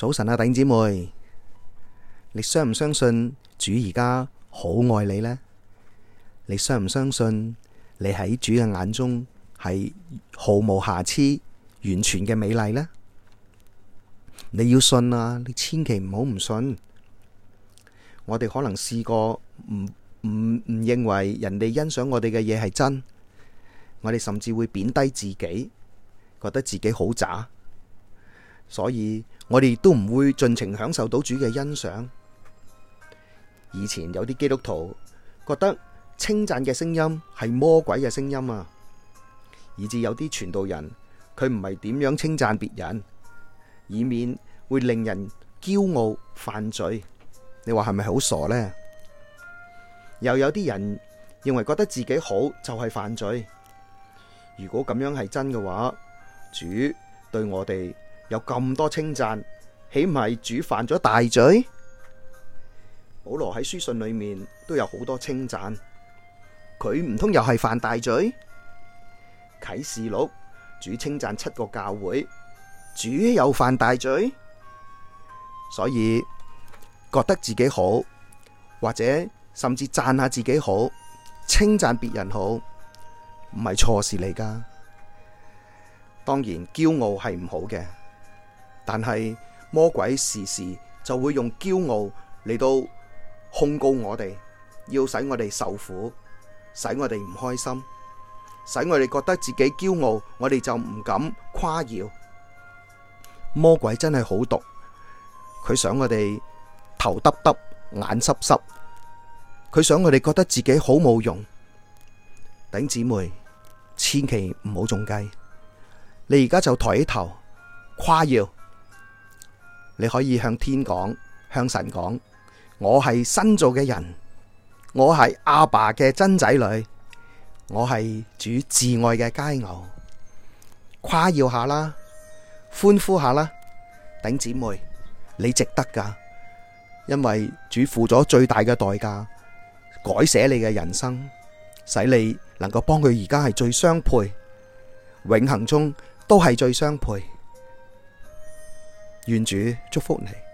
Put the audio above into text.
早晨啊，弟姐妹，你相唔相信主而家好愛你呢？你相唔相信你喺主嘅眼中係毫無瑕疵、完全嘅美麗呢？你要信啊！你千祈唔好唔信。我哋可能試過唔唔唔認為人哋欣賞我哋嘅嘢係真，我哋甚至會貶低自己，覺得自己好渣。所以我哋都唔會盡情享受到主嘅欣賞。以前有啲基督徒覺得稱讚嘅聲音係魔鬼嘅聲音啊，以至有啲傳道人佢唔係點樣稱讚別人，以免會令人驕傲犯罪。你話係咪好傻呢？又有啲人認為覺得自己好就係犯罪。如果咁樣係真嘅話，主對我哋有咁多稱讚，豈唔係主犯咗大罪？保羅喺書信裏面都有好多稱讚，佢唔通又係犯大罪？啟示錄主稱讚七個教會，主又犯大罪，所以覺得自己好，或者甚至讚下自己好，稱讚別人好，唔係錯事嚟噶。當然，驕傲係唔好嘅。但係魔鬼時時就會用驕傲嚟到控告我哋，要使我哋受苦，使我哋唔開心，使我哋覺得自己驕傲，我哋就唔敢誇耀。魔鬼真係好毒，佢想我哋頭耷耷、眼濕濕，佢想我哋覺得自己好冇用。頂姊妹，千祈唔好中計，你而家就抬起頭誇耀。你可以向天講、向神講，我係新造嘅人，我係阿爸嘅真仔女，我係主至愛嘅佳偶，誇耀下啦，歡呼下啦，頂姊妹，你值得噶，因為主付咗最大嘅代價，改寫你嘅人生，使你能夠幫佢而家係最相配，永恆中都係最相配。願主祝福你。